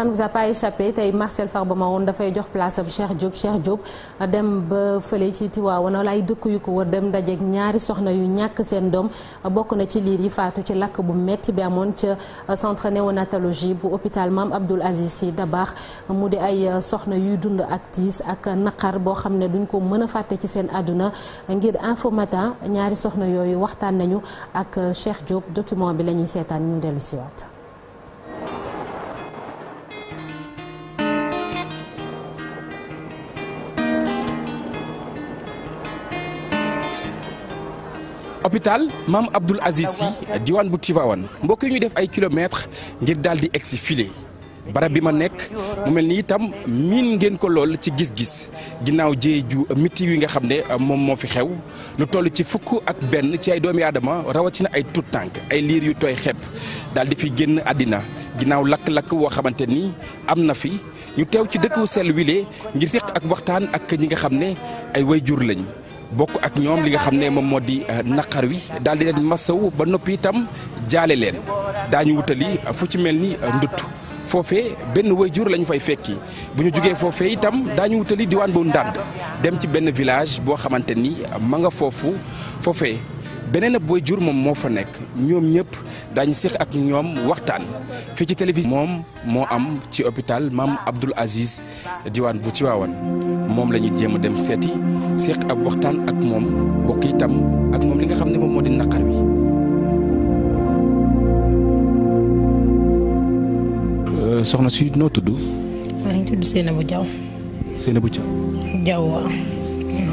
ça ne vous a pas échappé tey Marcel Farba Maroun dafay jox place am Cheikh Diop Cheikh Diop dem ba fële ci Tiwaawan wala ay dëkk yu ko wër dem dajeeg ñaari soxna yu ñàkk seen doom bokk na ci liir yi faatu ci lakk bu metti bi amoon ca centre néonatologie bu hôpital Maam Abdoul Aziz Sy baax mu di ay soxna yuy dund ak tiis ak naqar boo xam ne duñ ko mën a fàtte ci seen àdduna ngir info matin ñaari soxna yooyu waxtaan nañu ak Cheikh Diop document bi la ñuy seetaan ñu dellu siwaat hôpital maam Abdoul Aziz Sy ah, diwaan bu Tivaouane mbokk yi ñu def ay kilomètres ngir daal di egg si file barab bi ma nekk mu mel ni itam miin ngeen ko lool ci gis-gis ginnaaw jéey ju miti wi nga xam ne euh, moom moo fi xew lu toll ci fukk ak benn ci ay doomi aadama rawatina ay tut tànk ay liir yu tooy xepp daal di fi génn àddina ginnaaw lakk-lakk woo xamante ni am na fi ñu teew ci dëkku sel wile ngir séq ak waxtaan ak ñi nga xam ne ay way jur lañ bokk ak ñoom li nga xam ne moom moo di euh, naqar wi daal di leen masawu ba noppi itam jaale leen daañu wutali fu ci mel ni euh, ndutt foofe benn waajur lañu fay fekki bu ñu jugee foofe itam daañu wutali diwaan bu ndàdd dem ci benn village boo xamante ni euh, ma nga foofu foofe beneen ab waajur moom moo fa nekk ñoom ñëpp daañu seex ak ñoom waxtaan fii ci télévision moom moo am ci hôpital maam Abdoul Aziz diwaan bu ci Tiwaawan moom la ñuy jéem a dem seeti séq ab waxtaan ak moom bokk itam ak moom li nga xam ne moom moo di naqar wi euh, soxna si noo tudd maa ngi tudd Seynabou Diaw Seynabou Diaw Diaw waaw yi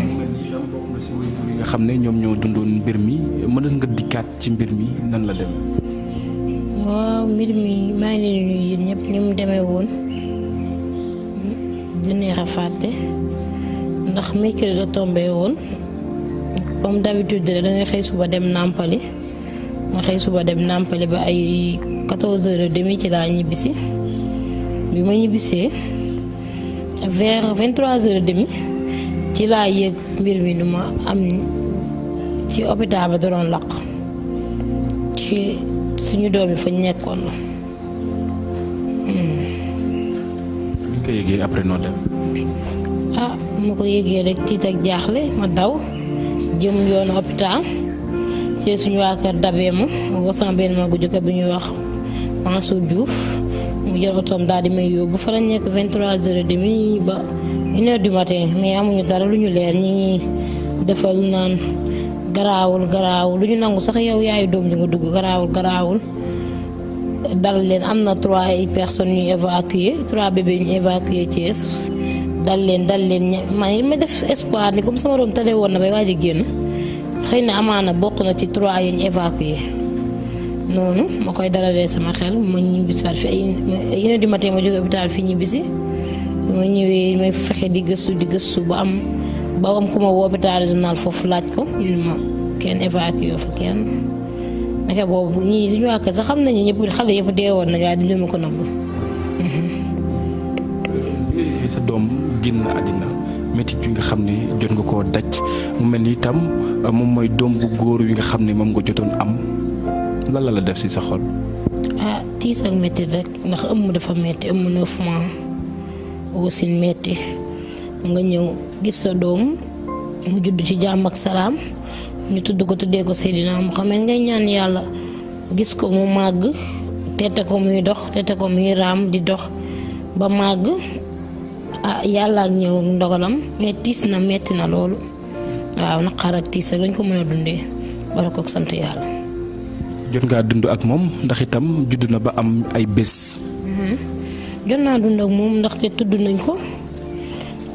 nga xam ne ñoom ñoo dundoon mbir mi mën nga dikkaat ci mbir mi nan la dem waaw mbir mi maa ngi leen nuyu yéen ñëpp ni mu demee woon a fàtte ndax mercredi la tombé woon comme d'habitude da xëy suba dem nàmpali ma xëy suba dem nàmpali ba ay 14 heures ci laa ñibbisi bi ma ñibbisee vers 23 heures et ci laa yëg mbir mi nu ma am ci hôpital ba doon laq ci suñu doom yi fa ñu nekkoon la. Hmm. ma ko yëgee rek tiit ak jaaxle ma daw jëm yoonu hôpital ci suñu waa kër dabee ma wasan benn ma gu jëkk bi ñuy wax Mansour Diouf mu jël otoom daal di may yóbbu fa la nekk vingt trois heures et demi ba une heure du matin mais amuñu dara lu ñu leer ñi ñi defal naan garaawul garaawul lu ñu nangu sax yow yaayu doom ji dugg garaawul garaawul dal leen am na trois personnes ñu évacué trois bébés ñu évacué Thiès dal leen dal leen man yi ma def espoir ni comme sama doom tane woon na bay waaj a génn xëy na amaana bokk na ci trois yi ñu noonu ma koy dalalee sama xel ma ñibbisiwaat fi yeneen di heure du ma jóge hôpital fi ñibbisi ma ñëwee may fexe di gëstu di gëstu ba am ba am ku ma woo hôpital régional foofu laaj ko ñu ma kenn évacué fa kenn naka boobu ñii suñu waa kër sax xam nañu ñëpp xale yëpp dee woon nañu waaye dañu ma ko nëbbu. ne sa doom génn àddina métit bi nga xam ne jot nga koo daj mu mel ni itam euh, moom mooy doom bu góor wi nga xam ne moom nga jotoon am lan la def si sa xol. ah tiis ak métit rek ndax ëmm dafa métti ëmm neuf mois wasin métti nga ñëw gis sa doom mu judd ci jàmm ak salaam ñu tudd ko tuddee ko Seydina Muhammad ngay ñaan yàlla gis ko mu màgg tete ko muy dox tete ko muy raam di dox ba màgg. ah yàlla ak ñëw ndogalam mais tiis na metti na loolu waaw naqar ak tiis lañ ko mën a dundee wala kook sant yàlla. jot ngaa dund ak moom ndax itam judd na ba am ay bés. Mhm. jot naa dund moom ndaxte tudd nañ ko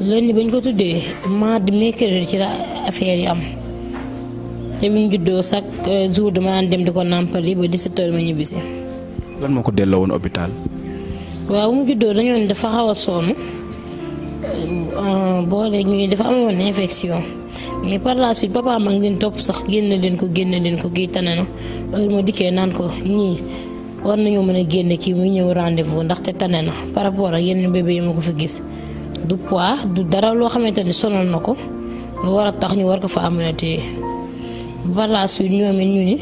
lenn bañ ko tuddee mardi mercredi ci la affaire yi am te bi mu juddoo chaque euh, jour demand dem di ko nàmpali ba 17h ma ñibbisi. lan moo ko delloo woon bu mu juddoo dañoo ne dafa xaw sonn. Euh, boo ñu ñuy dafa amoon infection mais par la suite papa ma ngi leen topp sax génne leen ko génne leen ko kii tane na dikkee naan ko ñii war nañoo mën a génne kii muy ñëw rendez-vous ndaxte tane na par rapport ak yeneen bébé ma ko fi gis du pois du dara loo xamante ni sonal na ko lu war a tax ñu war ko fa amunatee par la suite ñoom it ñu ni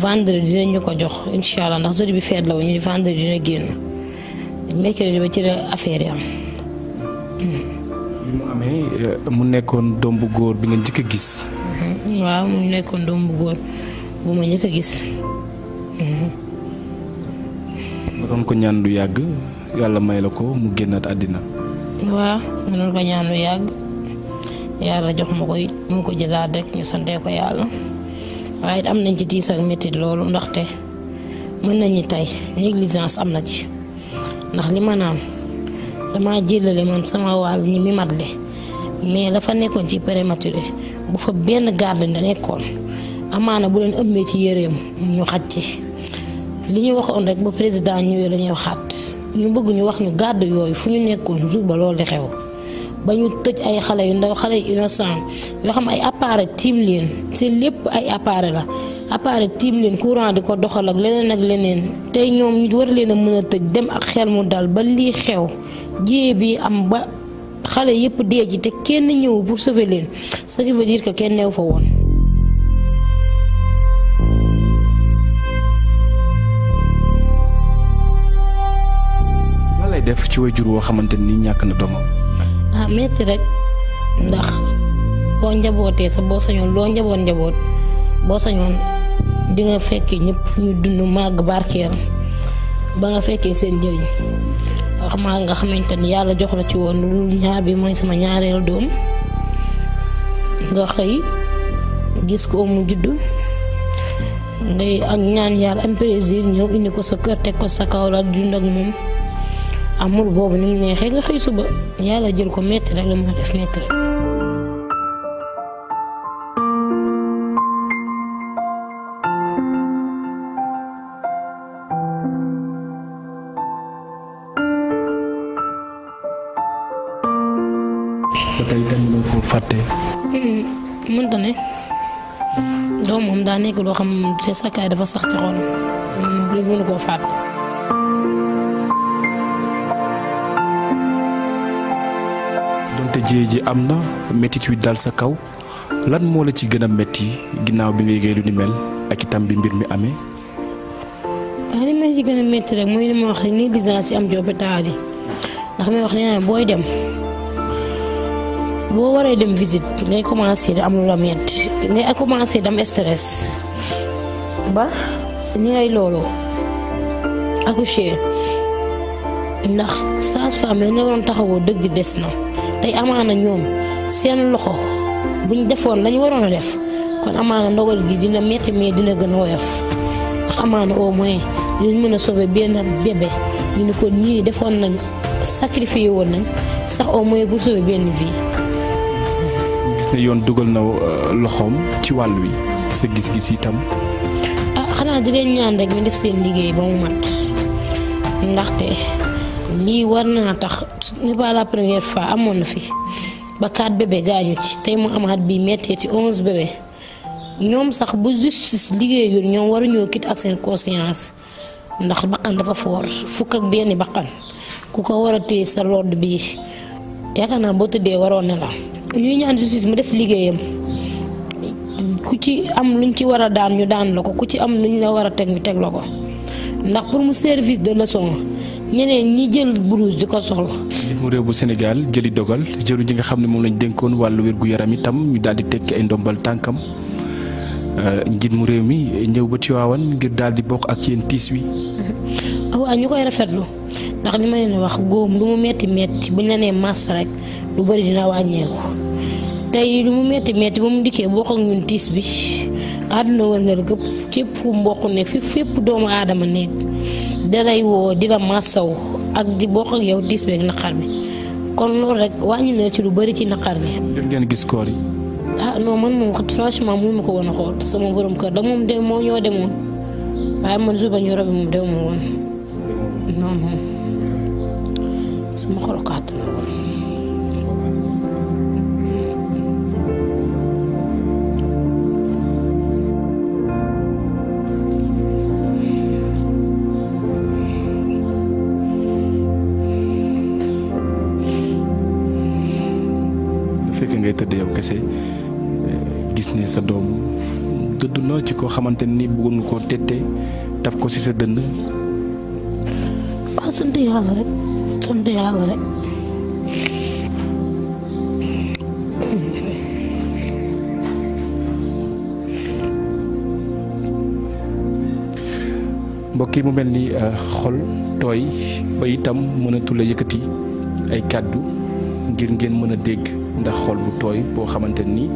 vendredi dinañu ko jox incha allah ndax jeudi bi feet la woon ñu ni vendredi dina génn mercredi ba ci la affaire yi am. bi mu amee euh, mu nekkoon doom bu góor bi nga njëkk a gis. Mhm. waaw mu nekkoon doom bu góor bu ma njëkk a gis. Mhm. nga doon ko ñaan du yàgg yàlla may la ko mu génnaat àddina. waaw nga doon ko ñaan yàgg yàlla jox ma ko it mu ko jëlaat rek ñu santee ko yàlla waaye am nañ ci tiis ak métit loolu ndaxte mën nañu tey négligence am na ci ndax li ma naan damaa jëlale man sama wàll ñi mi mat le mais la nekkoon ci prématuré bu fa benn garde na nekkoon amaana bu leen ëmbee ci yëreem ñu xaj ci li ñu waxoon rek ba président ñëwee dañuy ñuy waxaat ñu bëgg ñu wax ñu garde yooyu fu ñu nekkoon juba loolu di xew ba ñu tëj ay xale yu ndaw xale yu innocent yoo xam ay appareil tiim leen seen lépp ay appareil la appareil tiim leen courant di ko doxal ak leneen ak leneen tey ñoom ñu war leen a mën a tëj dem ak xel mu dal ba lii xew jiyee bi am ba xale yépp dee ji te kenn ñëw pour sauver leen ce qui veut dire que kenn neew fa woon. lan def ci wajur woo xamante ni ñàkk na doomam. Ah, metti rek ndax boo njabootee sa boo sañoon loo njaboot njaboot boo sañoon. di nga fekkee ñëpp ñu dund màgg barkeel ba nga fekkee seen njëriñ wax maa nga xamante ni yàlla jox la ci woon lu ñaar bi mooy sama ñaareelu doom nga xëy gis ko mu judd ngay ak ñaan yàlla am plaisir ñëw indi ko sa kër teg ko sa kaw la dund ak moom amul boobu ni mu neexee nga xëy suba yàlla jël ko metti rek la moo def metti doom moom daa nekk loo xam c'est ça dafa sax ci xolam moom mënu koo faat. donte jéey ji am na métit wi dal sa kaw lan moo la ci gën a métti ginnaaw bi nga yëgee lu ni mel ak itam bi mbir mi amee. waaw li ma ci gën a métti rek mooy li ma wax nii négligence yi am ci hôpital yi ndax may wax ne booy dem. boo waree dem visite ngay commencé di am lu la metti ngay commencé di am ba ni ngay looloo accoucher ndax sage-femme la nga waroon taxawoo dëgg des na tey amaana ñoom seen loxo buñ defoon lañu waroon a def kon amaana ndogal gi dina metti mais dina gën a woyof ndax amaana au moins dinañ mën a sauver benn bébé ñu ni ko ñii defoon nañ sacrifié woon nañ sax au moins pour sauver benn vie ne yoon dugal na euh, loxoom ci wàll wi sa gis-gis itam. ah xanaa di leen ñaan rek ñu def seen liggéey ba mu mat ndaxte lii war naa tax n'est première fois amoon na fi ba quatre bébé gaañu ci tey mu amaat bi méttee ci onze bébé ñoom sax bu justice liggéeyul ñoom waruñoo kit ak seen conscience ndax bakkan dafa foor fukk ak benn bakkan ku ko war a téye sa lodd bi yaakaar naa boo tëddee waroon ne la ñuy ñaan justice mu def liggéeyam ku ci am luñ ci war a daan ñu daan la ko ku ci am lu ñu la war a teg mu teg la ko ndax pour mu service de leçon ñeneen ñi jël blouse di ko soxla. njiit mu réew bu Sénégal jëli dogal jëru ji nga xam ne moom lañ dénkoon wàllu wér gu yaram itam ñu daal di tekki ay ndombal tànkam euh, njiit mu réew mi ñëw ba Tiwaawan ngir daal di bokk ak yéen tiis wi. Mm-hmm. waaw ñu koy rafetlu ndax li ma leen wax góom lu mu metti metti buñ la nee mas rek lu bari dina wàññeeku. tey lu mu metti metti ba mu dikkee bokk ak ñun tiis bi àdduna war nga këpp képp fu mbokk nekk fi doomu aadama nekk dalay woo di la màssaw ak di bokk ak yow tiis beeg naqar bi kon loolu rek wàññi na ci lu bari ci naqar bi. gis koor yi. ah non man moom franchement mënu ma ko woon a sama borom kër da moom moo ñoo demoon waaye man suba ñu rabi moom demuma woon non non sama xol xamante ni bëggoon nga koo tette taf ko ci sa dënd. mbokk yi mu mel ni euh, xol tooy ba itam mënatul a yëkkati ay kàddu ngir ngeen mën a dégg ndax xol bu tooy boo xamante ni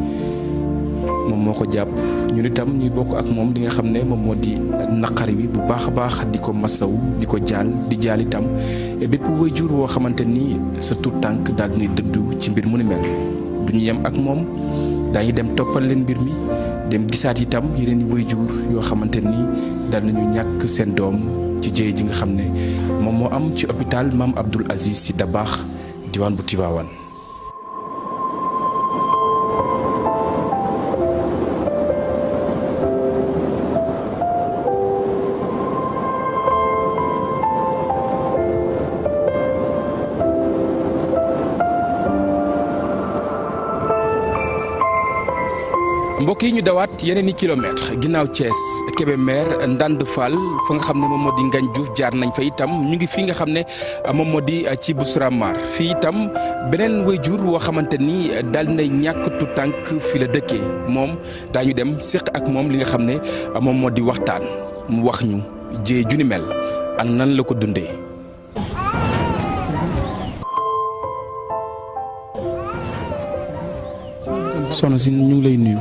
moom moo ko jàpp. ñun itam ñuy bokk ak moom li nga xam ne moom moo di naqar wi bu baax a baax di ko masaw di ko jaal di jaal itam bépp waajur woo xamante ni sa tur tànk daal dinay dëddu ci mbir mu ni mel du ñu yem ak moom daañu dem toppal leen mbir mi dem gisaat itam yeneen waajur yoo xamante ni daal ñu ñàkk seen doom ci jëye ji nga xam ne moom moo am ci hôpital Maam Abdoul Aziz Sy baax diwaan bu Tivaouane mbokk ñu dawaat yeneen i kilomètre ginnaaw Thiès Kébémer Ndande Fall fa nga xam ne moom moo di Ngagne jaar nañ fa itam ñu ngi fii nga xam ne moom moo di ah, ci Bousramar fii itam beneen wayjur woo xamante ni daal na ñàkk tànk fi la dëkkee moom daañu dem séq ak moom li nga xam ne ah, moom moo di waxtaan mu wax ñu jee ju ni mel ak nan la ko dundee. soxna lay nuyu.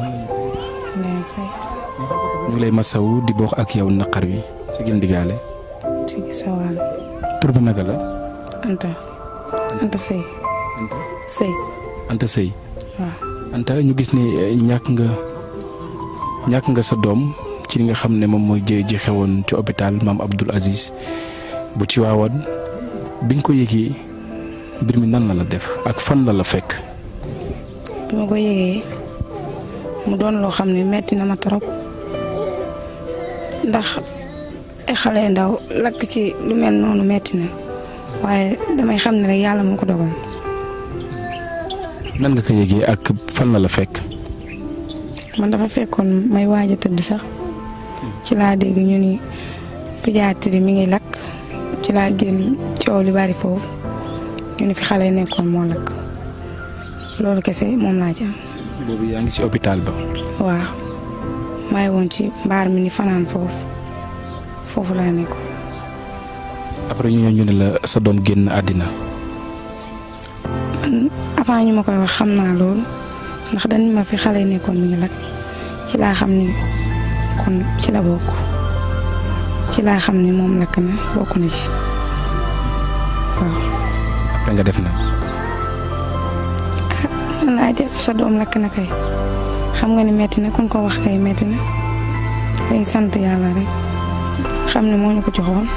ngi lay masawu di bokk ak yow naqar wi si gën digaale. si gisawaan. la. Anta Anta Sey. Anta Sey. Anta ñu gis ne eh, ñàkk nga ñàkk nga sa doom ci li nga xam ne moom mooy jëye ji xewoon ci hôpital maam Abdoul Aziz bu ci waawoon bi nga ko yëgee mbir mi nan la la def ak fan la la fekk. bi ma ko yëgee mu doon loo xam ne metti na ma trop. ndax ay xale ndaw lakk ci lu mel noonu metti na waaye damay xam ne rek yàlla moo ko dogal. nan nga ko yëgee ak fan na la fekk. man dafa fekkoon may waaja a tëdd sax ci laa dégg ñu ni pédiatrie mi ngi lakk ci laa génn coow li bari foofu ñu ni fi xale nekkoon moo lakk loolu kese moom laa ci am. ci hôpital waaw. maa ngi woon ci mbaar mi ni fanaan foofu foofu laa nekkoon. après ñu ñëw ñu ne la sa doom génn àddina. man avant ñu ma koy wax xam naa loolu ndax dañ ma fi xale nekkoon mi lakk ci laa xam ni kon ci la bokk ci laa xam ni moom lakk na bokk na ci waaw. après def na. ah man def sa doom lakk na kay. xam nga ni metti na kon ko wax kay metti na day sant yàlla rek xam ne moo ñu ko joxoon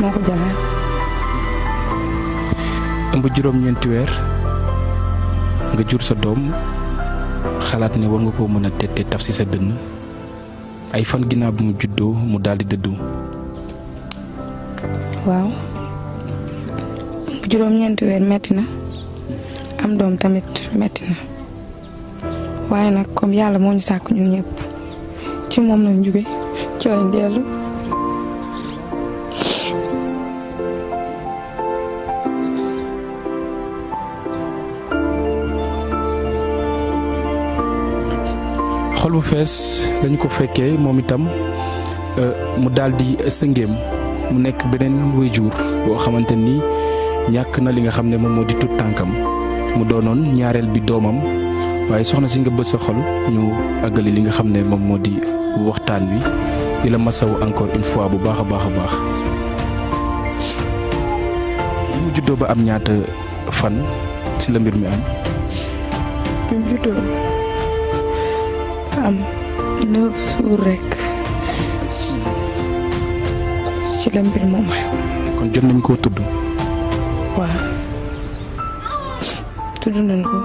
moo ko jëlaat. ëmb juróom-ñeenti weer nga jur sa doom xalaat ne war nga ko mën a tette taf ci sa dënn ay fan ginnaaw bi mu juddoo mu daldi di dëddu. waaw juróom-ñeenti weer metti na am doom tamit metti na. waaye nag comme yàlla moo ñu sàkk ñu ñëpp ci moom lañ jóge ci lañ dellu xol bu fees dañ ko fekkee moom itam euh, mu daldi di sëngéem mu nekk beneen waajur boo xamante ni ñàkk na li nga xam ne moom moo di tut tànkam mu doonoon ñaareel bi doomam waaye soxna si nga bës sa xol ñu àggali li nga xam ne moom moo di waxtaan wi di la masawu encore une fois bu baax a baax a baax li mu juddoo ba am ñaata fan ci la mbir mi am. kon jot nañ koo tudd. waaw tudd nañ ko.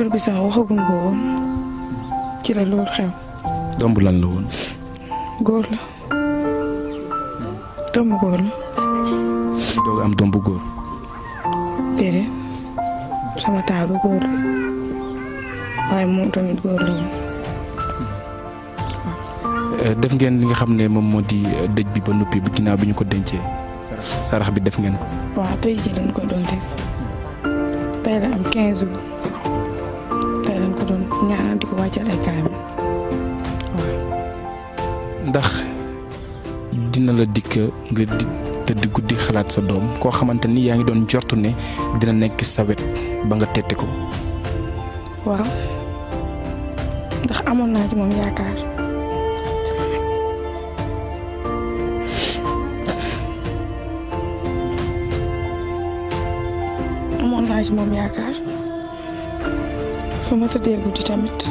tur bi sax waxaguñ ko woon ci la loolu xew. domb lan la woon. góor la. domb góor la. am domb góor. déedéet sama taabu eh, def ngeen li nga xam ne moom moo di eh, dëj bi ba noppi bi ginnaaw bi ñu ko dencee. sarax bi def ngeen ko. waaw tey jii lañ ko doon def. waajal ay ndax dina la dikk nga di tëdd guddi xalaat sa doom koo xamante ni yaa ngi doon jortu ne dina nekk sa wet ba nga tette ko. waaw ndax ci moom yaakaar amoon naa ci moom yaakaar su ma tëddee guddi tamit.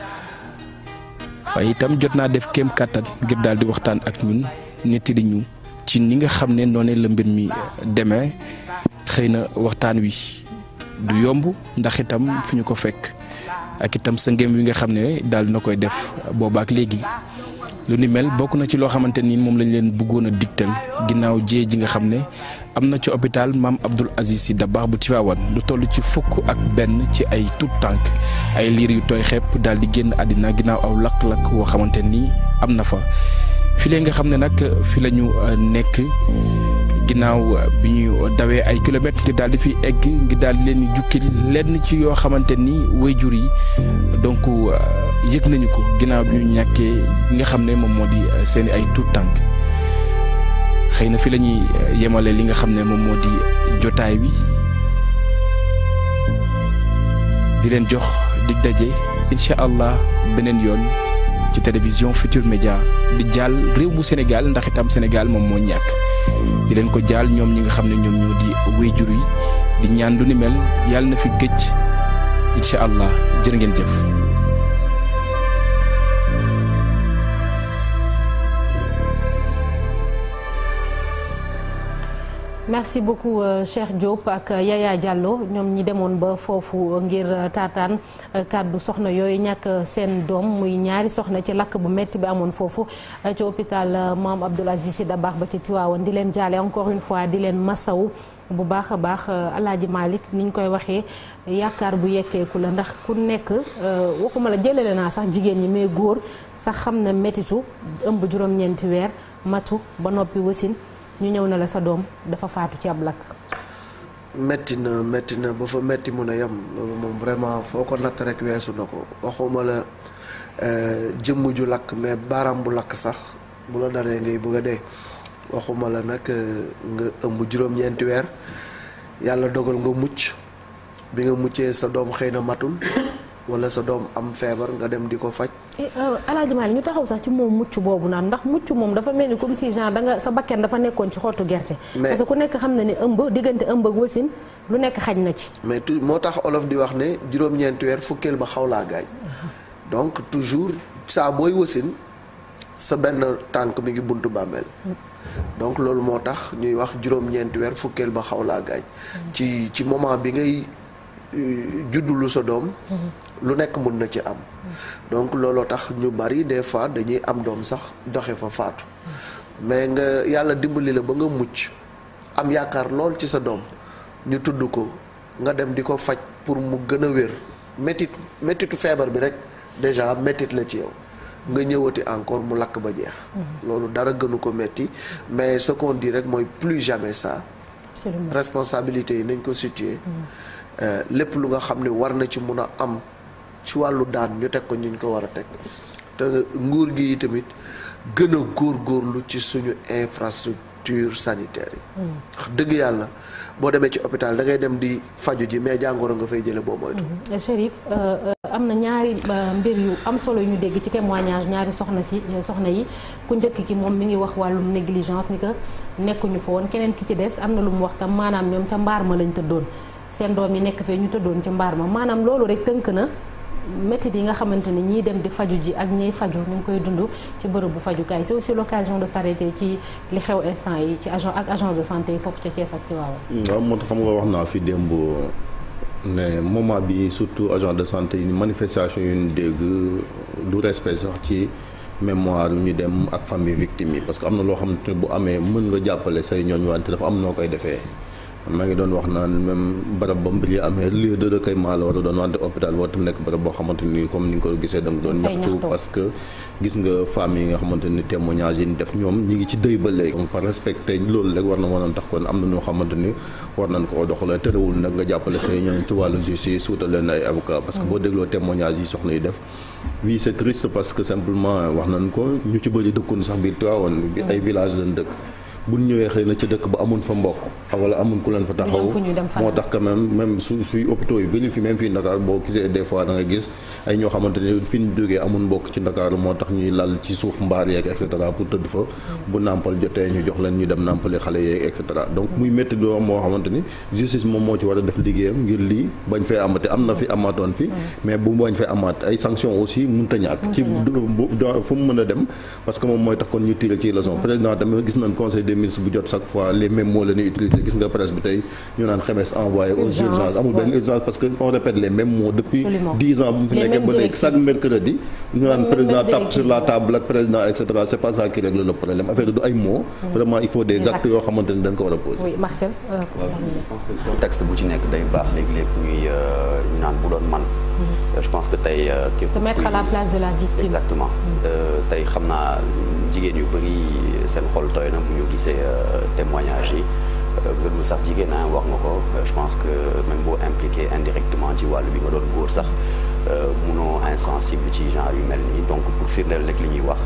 waaye itam jot naa def kéem kàttan ngir daal di waxtaan ak ñun nettali ñu ci ni nga xam ne noonee la mbir mi demee xëy na waxtaan wi du yomb ndax itam fi ñu ko fekk ak itam sa ngéem wi nga xam ne daal na koy def boobaak léegi lu ni mel bokk na ci loo xamante ni moom lañ leen bëggoon a digtal ginnaaw jee ji nga xam ne am na ci hôpital maam Abdoul Aziz Sy Dabakh bu Tivaouane lu toll ci fukk ak benn ci ay tout tànk ay liir yu tooy xepp daal di génn àddina ginnaaw aw lakk-lakk woo xamante nii am na fa fi lee nga xam ne nag fi la ñu euh, nekk ginnaaw euh, bi ñu dawee ay kilomètres ngir daal di fi egg ngir daal di leen jukkil lenn ci yoo xamante ni waajur yi donc euh, yëg nañu ko ginnaaw bi ñu ñàkkee nga xam ne moom moo di seeni ay tout tànk xëy na fi la ñuy euh, yemale li nga xam ne moom moo di jotaay bi di leen jox di daje incha allah beneen yoon ci télévision Futur Média di jaal réew mu Sénégal ndax itam Sénégal moom moo ñàkk di leen ko jaal ñoom ñi nga xam ne ñoom ñoo di wéyjur yi di ñaan lu ni mel yàlla na fi gëj incha allah jër ngeen jëf. merci beaucoup euh, Cheikh Diop ak euh, Yaya jàlloo ñoom ñi demoon ba foofu ngir euh, taataan kàddu soxna yooyu ñàkk seen doom muy ñaari soxna ci lakk bu métti bi amoon foofu ci hôpital Mame Abdoul Aziz Sy baax ba ci Tivaouane di leen jaale encore une fois di leen masawu bu baax a baax alaaji Malick ni ñu koy waxee yaakaar bu yekkeeku la ndax ku nekk waxuma la jëlale naa sax jigéen ñi mais góor sax xam na métitu ëmb juróom-ñeenti weer matu ba noppi wasin ñu ñëw na la sa doom dafa faatu ci ab lakk. metti na metti na ba fa metti mun a yem loolu moom vraiment foo ko natt rek weesu na ko waxuma la eh, jëmm ju lakk mais baaraam bu lakk sax bu la dalee ngay bëgg dee waxuma la nag eh, nga ëmb juróom-ñeenti weer yàlla dogal nga mucc bi nga muccee sa doom xëy na matul. wala sa doom am feebar nga dem di ko faj. Eh, euh, Alaaji Maalik ñu taxaw sax ci moom mucc boobu naan ndax mucc moom dafa mel ni comme si genre danga sa bakken dafa nekkoon ci xottu gerte. parce que ku nekk xam na ne ëmb diggante ëmb ak wasin lu nekk xaj na ci. mais tu moo tax olof di wax ne juróom weer fukkeel ba xaw laa gaañ. donc toujours saa booy wasin sa benn tànk mi buntu bàmmeel. loolu moo tax ñuy wax juróom weer fukkeel ba xaw laa gaañ. bi ngay. juddu lu sa doom. lu nekk mën na ci am. donc looloo tax ñu bari des fois dañuy am doom sax doxe fa faatu. mais nga yàlla dimbali la ba nga mucc am yaakaar lool ci sa doom ñu tudd ko nga dem di ko faj pour mu gën a wér métit métitu feebar bi rek déjà métit la ci yow. nga ñëwati encore mu lakk ba jeex. Mm-hmm. loolu dara gënu ko metti mais ce qu'on dit rek mooy plus jamais ça. Absolument. responsabilité yi nañ ko situer. Mm-hmm. Euh, lépp lu nga xam ne war na ci mun a am ci wàllu daan ñu teg ko ñu ko war a teg te nguur gi tamit gën góor góorgóorlu ci suñu infrastructure sanitaire yi. Hmm. wax dëgg yàlla boo demee ci hôpital da ngay dem di faju ji mais jàngoro nga fay jëlee boo moytu. Hmm. Eh, Chérif euh, euh, am na ñaari mbir yu am solo yu ñu dégg ci témoignage ñaari soxna si soxna yi ku njëkk ki moom mi ngi wax wàllu négligence ni que nekkuñu fa woon keneen ki ci des am na lu mu wax maanaam ñoom ca mbaar ma lañ tëddoon. seen doom yi nekk fee ñu tëddoon ci mbaar ma maanaam loolu rek tënk na métit yi nga xamante ni ñiy dem di faju ji ak ñiy faju ñu koy dund ci bërëb bu fajukaay c'est aussi l'occasion de s'arrêter ci li xew instant yi ci agent ak agence de santé yi foofu ca Thiès ak Tivaouane mm, waaw moo tax xam nga wax naa fi démb ne moment bi surtout agent de santé yi nu manifestation yu ñu dégg du respect sax ci mémoire yu ñu dem ak famille victime yi parce que am na loo xam ne bu amee mën nga jàppale say ñooñ wante dafa am noo koy defee maa ngi doon wax naan même barab ba mbir amee lieu de recueillement la war a doon wante hôpital war nekk barab boo xamante ni comme ni nga ko gisee da nga doon ñaxtu parce que gis nga femmes nga xamante ni témoignage yi ñu def ñoom ñi ngi ci dëy ba léegi par respecté loolu rek war na mënoon tax kon am na ñoo xamante ni war nañ ko doxalee terewul nag nga jàppale say ñooñu ci wàllu justice suutal leen ay avocat parce que boo dégloo témoignage yi soxna wax nañ ko ñu ci bëri dëkkoon sax biir Tivaouane bi ay village bu ñëwee xëy na ci dëkk ba amuñ fa mbokk wala amuñ ku leen fa taxaw moo tax quand même même su suy hôpitaux yi gënu fi même fii Ndakaar boo gisee des fois nga gis a na fi mm. a dem ministre bu jot chaque fois les mêmes mots la utiliser gis nga presse bi tey ñu naan xemes envoyé aux urgences amul benn urgence parce que on répète les mêmes mots depuis dix ans bu mu fi nekkee ba léegi chaque mercredi ñu naan président table ak président et c'est pas ça qui règle le problème affaire du ay mots vraiment il faut des actes yoo xamante ni dañ ko war a euh, bu ci nekk day baax léeg-léeg ñuy euh, ñu naan bu doon man mm-hmm. euh, je pense que jigéen yu bëri seen xol tooy na bu ñu gisee euh, témoignage yi ngër euh, mu sax jigéen ah wax nga ko euh, je pense que même boo impliqué indirectement ci wàllu bi nga doon góor sax munoo insensible ci genre yu mel nii donc pour firndeel rek li ñuy wax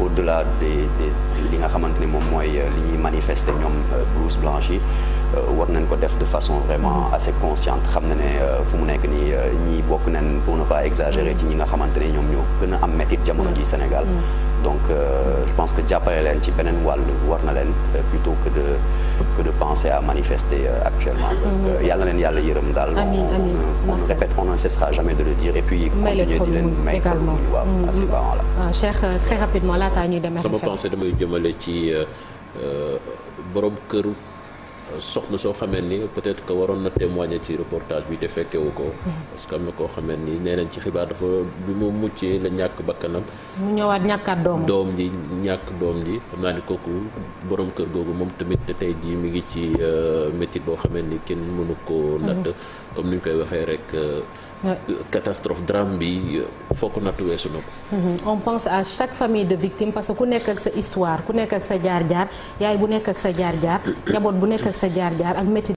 au delà des des li nga xamante ni moom mooy li ñuy manifester ñoom blouse blanche yi war nañ ko def de façon vraiment assez consciente xam na ne fu mu nekk nii ñii bokk nañ pour ne pas exagérer ci ñi nga xamante ne ñoom ñoo gën a am métit jamono ji Sénégal mm. donc euh, je pense que jàppale leen ci beneen wàll war na leen euh, plutôt que de penser à manifester euh, actuellement donc mhm. euh, yàlla na leen yàlla yërëm daal on le répète on ne cessera jamais de le dire et puis continuer di leen may xol muñ waaw mhm. à ces parents là ah, Cheikh très rapidement laata ñuy demee sama pensée damay jëmale ci borom këru soxna soo xamee ni peut-être que waroon na témoigner ci reportage bi te fekkewu ko. parce que am na koo xamee ni nee nañ ci xibaar dafa bi mu muccee la ñàkk bakkanam. mu ñëwaat ñàkkaat doom doom ji ñàkk doom yi xam naa ni kooku boroom kër googu moom tamit te tey jii mi ngi ci euh, métier boo xamee ni kenn mënu ko natt mm-hmm. comme ni ñu koy waxee rek. Euh, catastrophe drame bi foog nattu weesu na ko. Mhm. on pense à chaque famille de victime parce que ku nekk ak sa histoire ku nekk ak sa jaar-jaar yaay bu nekk ak sa jaar-jaar njaboot bu nekk ak sa jaar-jaar ak métti